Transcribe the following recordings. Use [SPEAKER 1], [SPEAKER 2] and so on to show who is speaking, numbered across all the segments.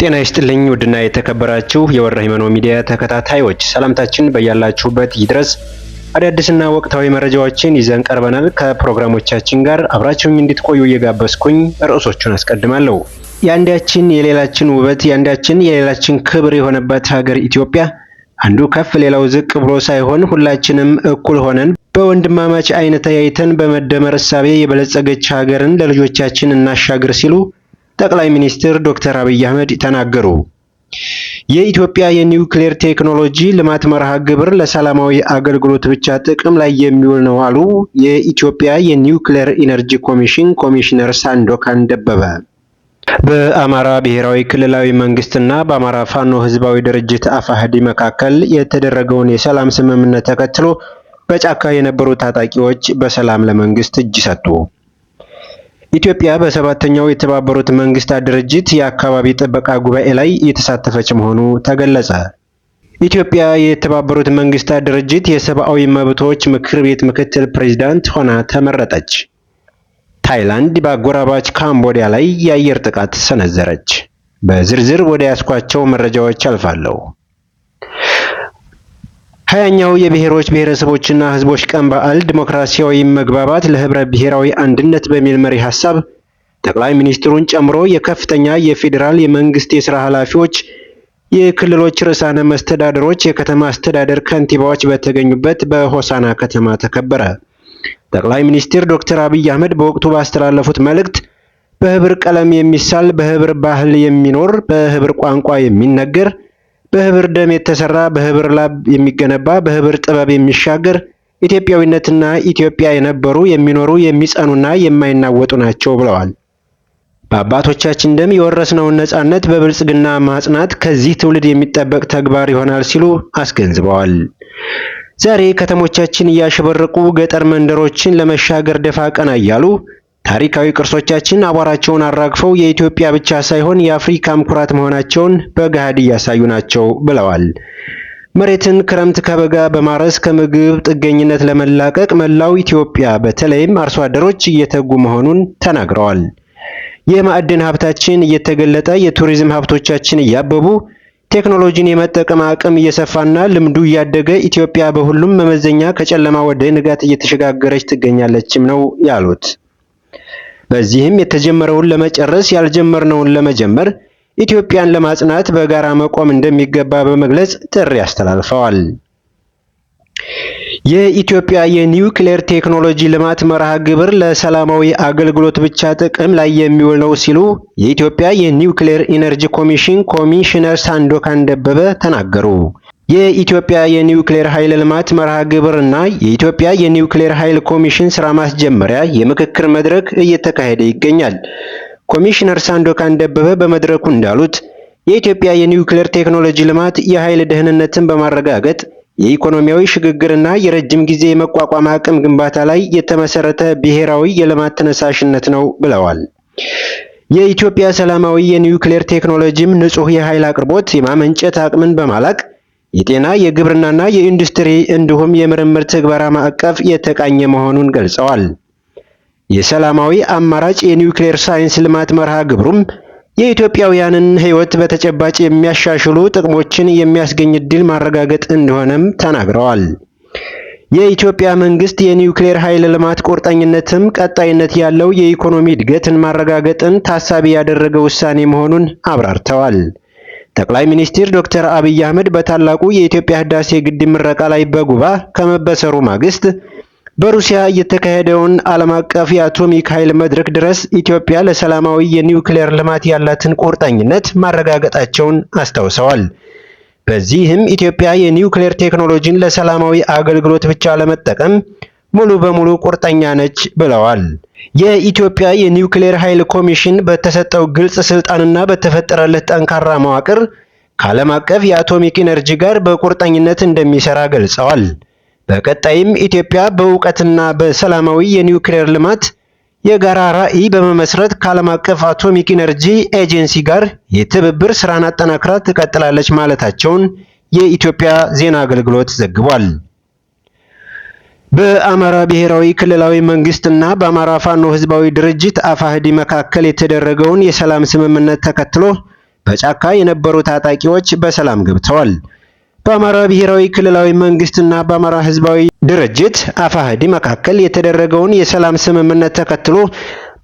[SPEAKER 1] ጤና ይስጥልኝ ውድና የተከበራችሁ የወረ ሂመኖ ሚዲያ ተከታታዮች ሰላምታችን በያላችሁበት ይድረስ። አዳዲስና ወቅታዊ መረጃዎችን ይዘን ቀርበናል። ከፕሮግራሞቻችን ጋር አብራችሁኝ እንድትቆዩ እየጋበዝኩኝ ርዕሶቹን አስቀድማለሁ። የአንዳችን የሌላችን ውበት፣ የአንዳችን የሌላችን ክብር የሆነበት ሀገር ኢትዮጵያ አንዱ ከፍ ሌላው ዝቅ ብሎ ሳይሆን ሁላችንም እኩል ሆነን በወንድማማች አይነት ተያይተን በመደመር እሳቤ የበለጸገች ሀገርን ለልጆቻችን እናሻግር ሲሉ ጠቅላይ ሚኒስትር ዶክተር አብይ አህመድ ተናገሩ። የኢትዮጵያ የኒውክሌር ቴክኖሎጂ ልማት መርሃ ግብር ለሰላማዊ አገልግሎት ብቻ ጥቅም ላይ የሚውል ነው አሉ የኢትዮጵያ የኒውክሌር ኢነርጂ ኮሚሽን ኮሚሽነር ሳንዶካን ደበበ። በአማራ ብሔራዊ ክልላዊ መንግስትና በአማራ ፋኖ ህዝባዊ ድርጅት አፋህዲ መካከል የተደረገውን የሰላም ስምምነት ተከትሎ በጫካ የነበሩ ታጣቂዎች በሰላም ለመንግስት እጅ ሰጡ። ኢትዮጵያ በሰባተኛው የተባበሩት መንግስታት ድርጅት የአካባቢ ጥበቃ ጉባኤ ላይ የተሳተፈች መሆኑ ተገለጸ። ኢትዮጵያ የተባበሩት መንግስታት ድርጅት የሰብአዊ መብቶች ምክር ቤት ምክትል ፕሬዝዳንት ሆና ተመረጠች። ታይላንድ በአጎራባች ካምቦዲያ ላይ የአየር ጥቃት ሰነዘረች። በዝርዝር ወደ ያስኳቸው መረጃዎች አልፋለሁ። ሀያኛው የብሔሮች ብሔረሰቦችና ህዝቦች ቀን በዓል ዲሞክራሲያዊ መግባባት ለህብረ ብሔራዊ አንድነት በሚል መሪ ሀሳብ ጠቅላይ ሚኒስትሩን ጨምሮ የከፍተኛ የፌዴራል የመንግስት የስራ ኃላፊዎች፣ የክልሎች ርዕሳነ መስተዳደሮች፣ የከተማ አስተዳደር ከንቲባዎች በተገኙበት በሆሳና ከተማ ተከበረ። ጠቅላይ ሚኒስትር ዶክተር አብይ አህመድ በወቅቱ ባስተላለፉት መልእክት በህብር ቀለም የሚሳል፣ በህብር ባህል የሚኖር፣ በህብር ቋንቋ የሚነገር በህብር ደም የተሰራ በህብር ላብ የሚገነባ በህብር ጥበብ የሚሻገር ኢትዮጵያዊነትና ኢትዮጵያ የነበሩ የሚኖሩ የሚጸኑና የማይናወጡ ናቸው ብለዋል። በአባቶቻችን ደም የወረስነውን ነጻነት በብልጽግና ማጽናት ከዚህ ትውልድ የሚጠበቅ ተግባር ይሆናል ሲሉ አስገንዝበዋል። ዛሬ ከተሞቻችን እያሸበረቁ ገጠር መንደሮችን ለመሻገር ደፋ ቀና እያሉ ታሪካዊ ቅርሶቻችን አቧራቸውን አራግፈው የኢትዮጵያ ብቻ ሳይሆን የአፍሪካም ኩራት መሆናቸውን በገሃድ እያሳዩ ናቸው ብለዋል። መሬትን ክረምት ከበጋ በማረስ ከምግብ ጥገኝነት ለመላቀቅ መላው ኢትዮጵያ በተለይም አርሶ አደሮች እየተጉ መሆኑን ተናግረዋል። የማዕድን ሀብታችን እየተገለጠ የቱሪዝም ሀብቶቻችን እያበቡ ቴክኖሎጂን የመጠቀም አቅም እየሰፋና ልምዱ እያደገ ኢትዮጵያ በሁሉም መመዘኛ ከጨለማ ወደ ንጋት እየተሸጋገረች ትገኛለችም ነው ያሉት። በዚህም የተጀመረውን ለመጨረስ ያልጀመርነውን ለመጀመር ኢትዮጵያን ለማጽናት በጋራ መቆም እንደሚገባ በመግለጽ ጥሪ አስተላልፈዋል። የኢትዮጵያ የኒውክሌር ቴክኖሎጂ ልማት መርሃ ግብር ለሰላማዊ አገልግሎት ብቻ ጥቅም ላይ የሚውል ነው ሲሉ የኢትዮጵያ የኒውክሌር ኢነርጂ ኮሚሽን ኮሚሽነር ሳንዶካን ደበበ ተናገሩ። የኢትዮጵያ የኒውክሌር ኃይል ልማት መርሃ ግብር እና የኢትዮጵያ የኒውክሌር ኃይል ኮሚሽን ስራ ማስጀመሪያ የምክክር መድረክ እየተካሄደ ይገኛል። ኮሚሽነር ሳንዶካን ደበበ በመድረኩ እንዳሉት የኢትዮጵያ የኒውክሌር ቴክኖሎጂ ልማት የኃይል ደህንነትን በማረጋገጥ የኢኮኖሚያዊ ሽግግርና የረጅም ጊዜ የመቋቋም አቅም ግንባታ ላይ የተመሰረተ ብሔራዊ የልማት ተነሳሽነት ነው ብለዋል። የኢትዮጵያ ሰላማዊ የኒውክሌር ቴክኖሎጂም ንጹህ የኃይል አቅርቦት የማመንጨት አቅምን በማላቅ የጤና የግብርናና የኢንዱስትሪ እንዲሁም የምርምር ትግበራ ማዕቀፍ የተቃኘ መሆኑን ገልጸዋል። የሰላማዊ አማራጭ የኒውክሌር ሳይንስ ልማት መርሃ ግብሩም የኢትዮጵያውያንን ሕይወት በተጨባጭ የሚያሻሽሉ ጥቅሞችን የሚያስገኝ እድል ማረጋገጥ እንደሆነም ተናግረዋል። የኢትዮጵያ መንግስት የኒውክሌር ኃይል ልማት ቁርጠኝነትም ቀጣይነት ያለው የኢኮኖሚ እድገትን ማረጋገጥን ታሳቢ ያደረገ ውሳኔ መሆኑን አብራርተዋል። ጠቅላይ ሚኒስትር ዶክተር አብይ አህመድ በታላቁ የኢትዮጵያ ህዳሴ ግድብ ምረቃ ላይ በጉባ ከመበሰሩ ማግስት በሩሲያ የተካሄደውን ዓለም አቀፍ የአቶሚክ ኃይል መድረክ ድረስ ኢትዮጵያ ለሰላማዊ የኒውክሌር ልማት ያላትን ቁርጠኝነት ማረጋገጣቸውን አስታውሰዋል። በዚህም ኢትዮጵያ የኒውክሌር ቴክኖሎጂን ለሰላማዊ አገልግሎት ብቻ ለመጠቀም ሙሉ በሙሉ ቁርጠኛ ነች ብለዋል። የኢትዮጵያ የኒውክሌር ኃይል ኮሚሽን በተሰጠው ግልጽ ስልጣንና በተፈጠረለት ጠንካራ መዋቅር ከዓለም አቀፍ የአቶሚክ ኢነርጂ ጋር በቁርጠኝነት እንደሚሰራ ገልጸዋል። በቀጣይም ኢትዮጵያ በእውቀትና በሰላማዊ የኒውክሌር ልማት የጋራ ራዕይ በመመስረት ከዓለም አቀፍ አቶሚክ ኢነርጂ ኤጀንሲ ጋር የትብብር ስራን አጠናክራ ትቀጥላለች ማለታቸውን የኢትዮጵያ ዜና አገልግሎት ዘግቧል። በአማራ ብሔራዊ ክልላዊ መንግስትና በአማራ ፋኖ ህዝባዊ ድርጅት አፋህዲ መካከል የተደረገውን የሰላም ስምምነት ተከትሎ በጫካ የነበሩ ታጣቂዎች በሰላም ገብተዋል። በአማራ ብሔራዊ ክልላዊ መንግስትና በአማራ ህዝባዊ ድርጅት አፋህዲ መካከል የተደረገውን የሰላም ስምምነት ተከትሎ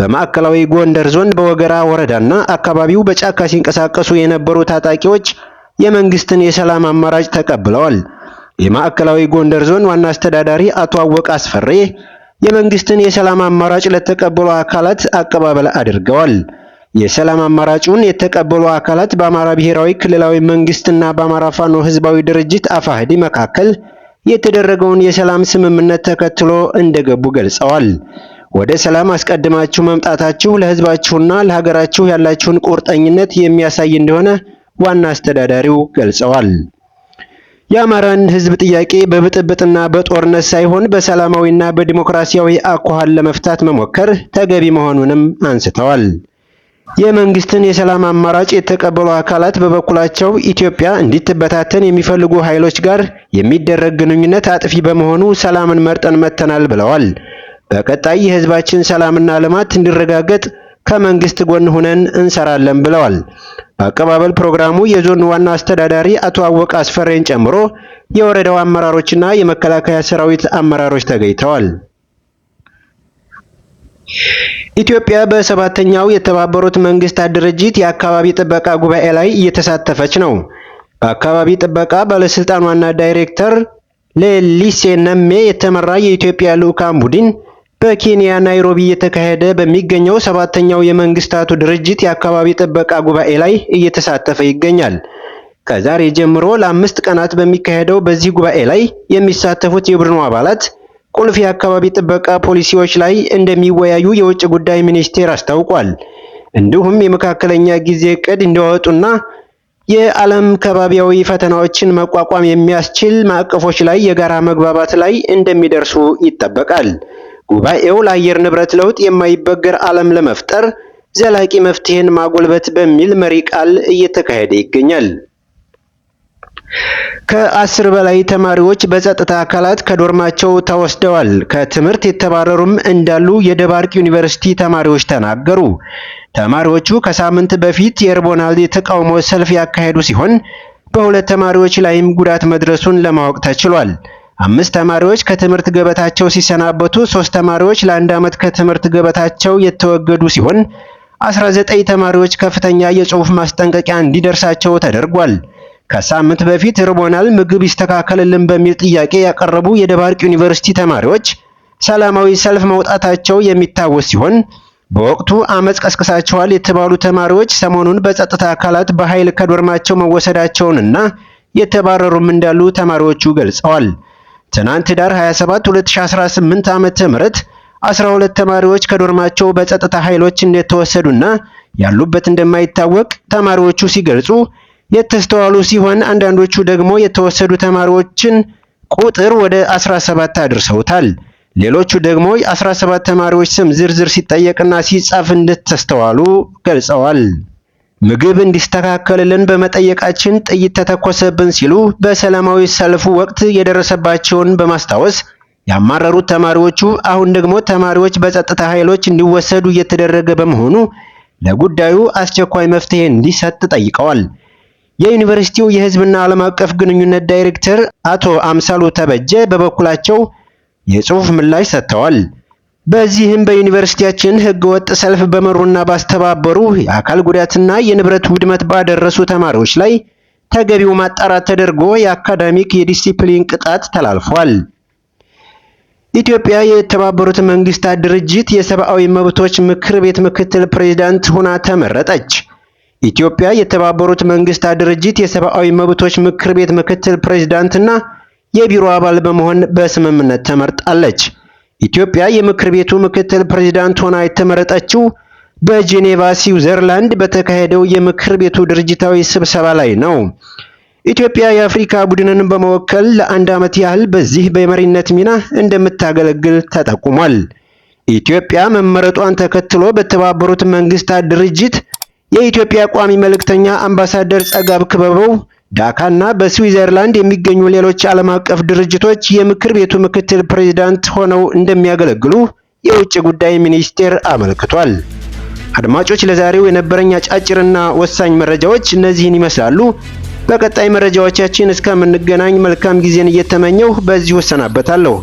[SPEAKER 1] በማዕከላዊ ጎንደር ዞን በወገራ ወረዳና አካባቢው በጫካ ሲንቀሳቀሱ የነበሩ ታጣቂዎች የመንግስትን የሰላም አማራጭ ተቀብለዋል። የማዕከላዊ ጎንደር ዞን ዋና አስተዳዳሪ አቶ አወቅ አስፈሬ የመንግስትን የሰላም አማራጭ ለተቀበሉ አካላት አቀባበል አድርገዋል። የሰላም አማራጩን የተቀበሉ አካላት በአማራ ብሔራዊ ክልላዊ መንግስትና በአማራ ፋኖ ህዝባዊ ድርጅት አፋህዲ መካከል የተደረገውን የሰላም ስምምነት ተከትሎ እንደገቡ ገልጸዋል። ወደ ሰላም አስቀድማችሁ መምጣታችሁ ለህዝባችሁና ለሀገራችሁ ያላችሁን ቁርጠኝነት የሚያሳይ እንደሆነ ዋና አስተዳዳሪው ገልጸዋል። የአማራን ህዝብ ጥያቄ በብጥብጥና በጦርነት ሳይሆን በሰላማዊና በዲሞክራሲያዊ አኳኋን ለመፍታት መሞከር ተገቢ መሆኑንም አንስተዋል። የመንግስትን የሰላም አማራጭ የተቀበሉ አካላት በበኩላቸው ኢትዮጵያ እንዲትበታተን የሚፈልጉ ኃይሎች ጋር የሚደረግ ግንኙነት አጥፊ በመሆኑ ሰላምን መርጠን መጥተናል ብለዋል። በቀጣይ የህዝባችን ሰላምና ልማት እንዲረጋገጥ ከመንግስት ጎን ሆነን እንሰራለን ብለዋል። በአቀባበል ፕሮግራሙ የዞኑ ዋና አስተዳዳሪ አቶ አወቀ አስፈሬን ጨምሮ የወረዳው አመራሮችና የመከላከያ ሰራዊት አመራሮች ተገኝተዋል። ኢትዮጵያ በሰባተኛው የተባበሩት መንግስታት ድርጅት የአካባቢ ጥበቃ ጉባኤ ላይ እየተሳተፈች ነው። በአካባቢ ጥበቃ ባለስልጣን ዋና ዳይሬክተር ሌሊሴ ነሜ የተመራ የኢትዮጵያ ልዑካን ቡድን በኬንያ ናይሮቢ እየተካሄደ በሚገኘው ሰባተኛው የመንግስታቱ ድርጅት የአካባቢ ጥበቃ ጉባኤ ላይ እየተሳተፈ ይገኛል። ከዛሬ ጀምሮ ለአምስት ቀናት በሚካሄደው በዚህ ጉባኤ ላይ የሚሳተፉት የቡድኑ አባላት ቁልፍ የአካባቢ ጥበቃ ፖሊሲዎች ላይ እንደሚወያዩ የውጭ ጉዳይ ሚኒስቴር አስታውቋል። እንዲሁም የመካከለኛ ጊዜ ቅድ እንዲያወጡና የዓለም ከባቢያዊ ፈተናዎችን መቋቋም የሚያስችል ማዕቀፎች ላይ የጋራ መግባባት ላይ እንደሚደርሱ ይጠበቃል። ጉባኤው ለአየር ንብረት ለውጥ የማይበገር ዓለም ለመፍጠር ዘላቂ መፍትሄን ማጎልበት በሚል መሪ ቃል እየተካሄደ ይገኛል። ከአስር በላይ ተማሪዎች በጸጥታ አካላት ከዶርማቸው ተወስደዋል። ከትምህርት የተባረሩም እንዳሉ የደባርቅ ዩኒቨርሲቲ ተማሪዎች ተናገሩ። ተማሪዎቹ ከሳምንት በፊት የርቦናልድ የተቃውሞ ሰልፍ ያካሄዱ ሲሆን በሁለት ተማሪዎች ላይም ጉዳት መድረሱን ለማወቅ ተችሏል። አምስት ተማሪዎች ከትምህርት ገበታቸው ሲሰናበቱ ሶስት ተማሪዎች ለአንድ ዓመት ከትምህርት ገበታቸው የተወገዱ ሲሆን 19 ተማሪዎች ከፍተኛ የጽሑፍ ማስጠንቀቂያ እንዲደርሳቸው ተደርጓል። ከሳምንት በፊት ርቦናል፣ ምግብ ይስተካከልልን በሚል ጥያቄ ያቀረቡ የደባርቅ ዩኒቨርሲቲ ተማሪዎች ሰላማዊ ሰልፍ መውጣታቸው የሚታወስ ሲሆን በወቅቱ አመፅ ቀስቅሳቸዋል የተባሉ ተማሪዎች ሰሞኑን በጸጥታ አካላት በኃይል ከዶርማቸው መወሰዳቸውንና የተባረሩም እንዳሉ ተማሪዎቹ ገልጸዋል። ትናንት ዳር 27 2018 ዓመተ 12 ተማሪዎች ከዶርማቸው በጸጥታ ኃይሎች እንደተወሰዱና ያሉበት እንደማይታወቅ ተማሪዎቹ ሲገልጹ የተስተዋሉ ሲሆን አንዳንዶቹ ደግሞ የተወሰዱ ተማሪዎችን ቁጥር ወደ 17 አድርሰውታል። ሌሎቹ ደግሞ የ17 ተማሪዎች ስም ዝርዝር ሲጠየቅና ሲጻፍ እንደተስተዋሉ ገልጸዋል። ምግብ እንዲስተካከልልን በመጠየቃችን ጥይት ተተኮሰብን ሲሉ በሰላማዊ ሰልፉ ወቅት የደረሰባቸውን በማስታወስ ያማረሩት ተማሪዎቹ አሁን ደግሞ ተማሪዎች በጸጥታ ኃይሎች እንዲወሰዱ እየተደረገ በመሆኑ ለጉዳዩ አስቸኳይ መፍትሄ እንዲሰጥ ጠይቀዋል። የዩኒቨርሲቲው የሕዝብና ዓለም አቀፍ ግንኙነት ዳይሬክተር አቶ አምሳሉ ተበጀ በበኩላቸው የጽሑፍ ምላሽ ሰጥተዋል። በዚህም በዩኒቨርሲቲያችን ህገወጥ ሰልፍ በመሩና ባስተባበሩ የአካል ጉዳትና የንብረት ውድመት ባደረሱ ተማሪዎች ላይ ተገቢው ማጣራት ተደርጎ የአካዳሚክ የዲሲፕሊን ቅጣት ተላልፏል። ኢትዮጵያ የተባበሩት መንግስታት ድርጅት የሰብአዊ መብቶች ምክር ቤት ምክትል ፕሬዝዳንት ሆና ተመረጠች። ኢትዮጵያ የተባበሩት መንግስታት ድርጅት የሰብአዊ መብቶች ምክር ቤት ምክትል ፕሬዝዳንትና የቢሮ አባል በመሆን በስምምነት ተመርጣለች። ኢትዮጵያ የምክር ቤቱ ምክትል ፕሬዚዳንት ሆና የተመረጠችው በጄኔቫ ስዊዘርላንድ በተካሄደው የምክር ቤቱ ድርጅታዊ ስብሰባ ላይ ነው። ኢትዮጵያ የአፍሪካ ቡድንን በመወከል ለአንድ ዓመት ያህል በዚህ በመሪነት ሚና እንደምታገለግል ተጠቁሟል። ኢትዮጵያ መመረጧን ተከትሎ በተባበሩት መንግስታት ድርጅት የኢትዮጵያ ቋሚ መልእክተኛ አምባሳደር ጸጋብ ክበበው ዳካ እና በስዊዘርላንድ የሚገኙ ሌሎች ዓለም አቀፍ ድርጅቶች የምክር ቤቱ ምክትል ፕሬዚዳንት ሆነው እንደሚያገለግሉ የውጭ ጉዳይ ሚኒስቴር አመልክቷል። አድማጮች፣ ለዛሬው የነበረኝ አጫጭርና ወሳኝ መረጃዎች እነዚህን ይመስላሉ። በቀጣይ መረጃዎቻችን እስከምንገናኝ መልካም ጊዜን እየተመኘሁ በዚሁ እሰናበታለሁ።